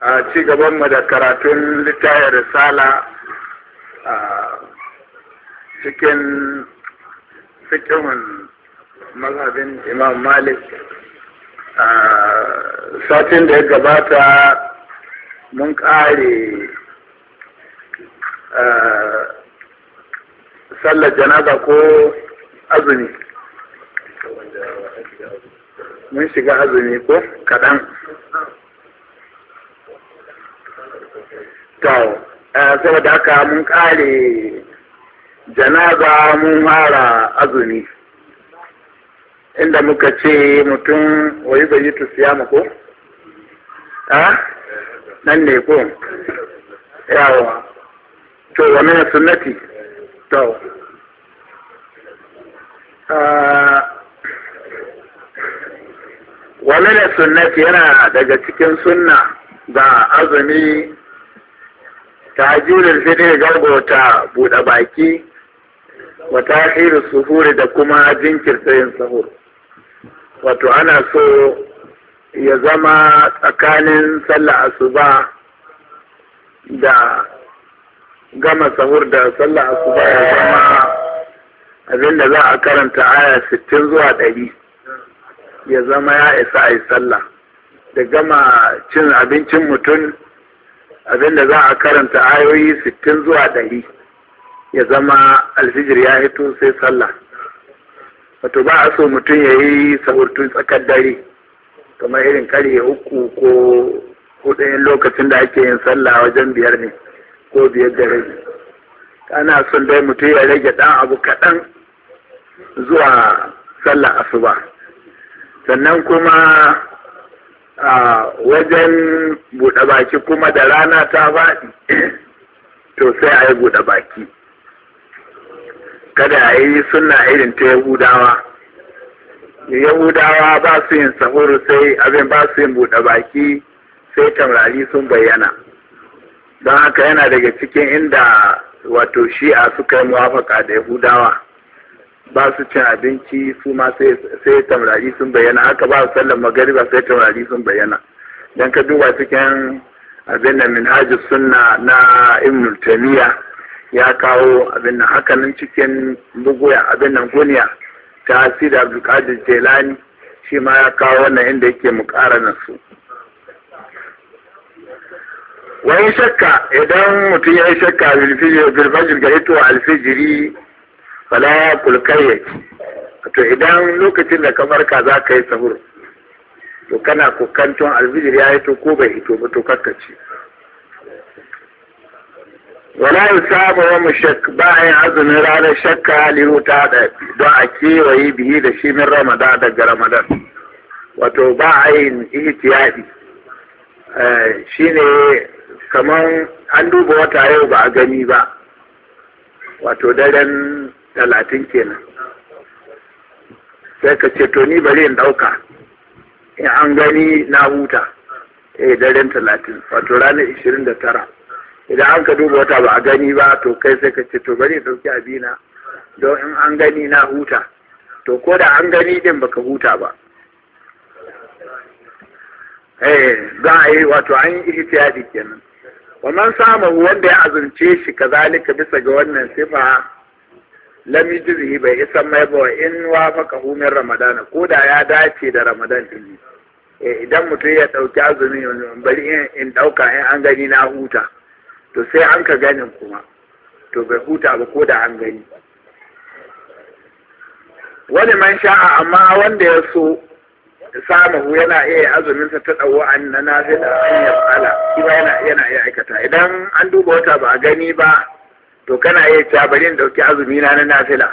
a ci gabanmu da karatun littayar risala a cikin fikimin mazhabin imam malik a satin da ya gabata mun kare sallar janaba ko azumi mun shiga azumi ko kaɗan to eh, saboda haka mun kare janaza mun mara azumi inda muka ce mutum wayi yi tu siya ko a nan ne ko yawa to wani na sunnati to eh, wani ne sunnati yana daga cikin sunna ga azumi tahajjudul fitr ta buɗe baki wa hiru suhuri da kuma jinkirta yin sahur wato ana so ya zama tsakanin sallah asuba da gama sahur da sallah asuba ya zama abin da za a karanta aya sittin zuwa ɗari ya zama ya isa a yi sallah da gama cin abincin mutum abinda za a karanta ayoyi sittin zuwa ɗari ya zama alfijir ya hito sai sallah wato ba a so mutum ya yi sahurtun tsakar dare kamar irin karye uku ko hudu lokacin da ake yin sallah wajen biyar ne ko biyar da rabi ana son dai mutum ya rage ɗan abu kaɗan zuwa sallah asuba sannan kuma a wajen buɗe baki kuma da rana ta faɗi to sai a yi buɗe baki kada a yi suna irin ta yahudawa yahudawa ba su yin sahuru sai abin ba su yin buɗe baki sai tamrari sun bayyana don haka yana daga cikin inda wato shi'a suka yi muwafaka da yahudawa ba su cin abinci su ma sai tamrari sun bayyana haka ba su sallar magariba sai tamrari sun bayyana don ka duba cikin abin da minhaj sunna na imnul tamiya ya kawo abin nan hakanan cikin buguya abin nan guniya ta asida abdulkadir jelani shi ma ya kawo wannan inda yake mukaranar su wani shakka idan mutum ya yi shakka bilfajir ga hito alfijiri fala kulkarya to idan lokacin da ka za ka yi sahur to kana kukantun alfijir ya to? ko bai hito ba to kakkaci wala yusaba wa a yin azumin ranar shakka ta da don a kewaye biyu da shi min ramadan daga ramadan wato ba a yin ihtiyadi eh, shine kamar an duba wata yau ba a gani ba wato daren talatin kenan sai ka ce to ni bari in ɗauka in an gani na huta eh daren talatin wato ranar ishirin da tara idan an ka duba wata ba a gani ba to kai sai ka ce to bari in ɗauki abina don in an gani na huta to ko da an gani din baka huta ba eh za a yi wato an yi ihtiyadi kenan wannan samu wanda ya azumce shi kazalika bisa ga wannan sifa lam yujzihi bai isan mai ba in wafaqahu min ramadana ko da ya dace da ramadan din eh, idan mutum ya ɗauki azumi bari in ɗauka in an gani na huta to sai an ka ganin kuma to bai huta ba ko da an gani wani man sha'a amma wanda ya so samu yana iya sa ta dawo an na nafi da hanyar ala. shi ba yana iya aikata idan an duba wata ba a gani ba to kana iya cewa bari in dauki azumi na na nafila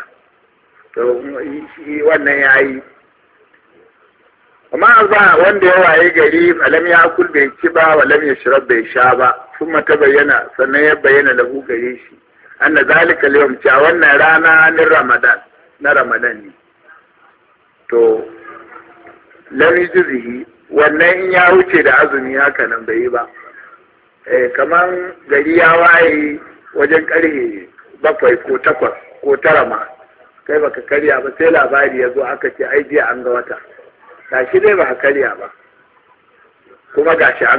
to shi wannan ya yi amma za wanda ya waye gari falam ya kul bai ci ba walam ya shirab bai sha ba sun ta bayyana sannan ya bayyana da ku gare shi anna zalika liyum cewa wannan rana na ramadan na ramadan ne to lam yujzihi wannan in ya wuce da azumi haka nan bai yi ba eh kaman gari ya waye wajen karhe bakwai ko takwas ko tara ma kai baka karya ba sai labari ya zo aka ce ai jiya an ga wata shi dai ba karya ba kuma shi an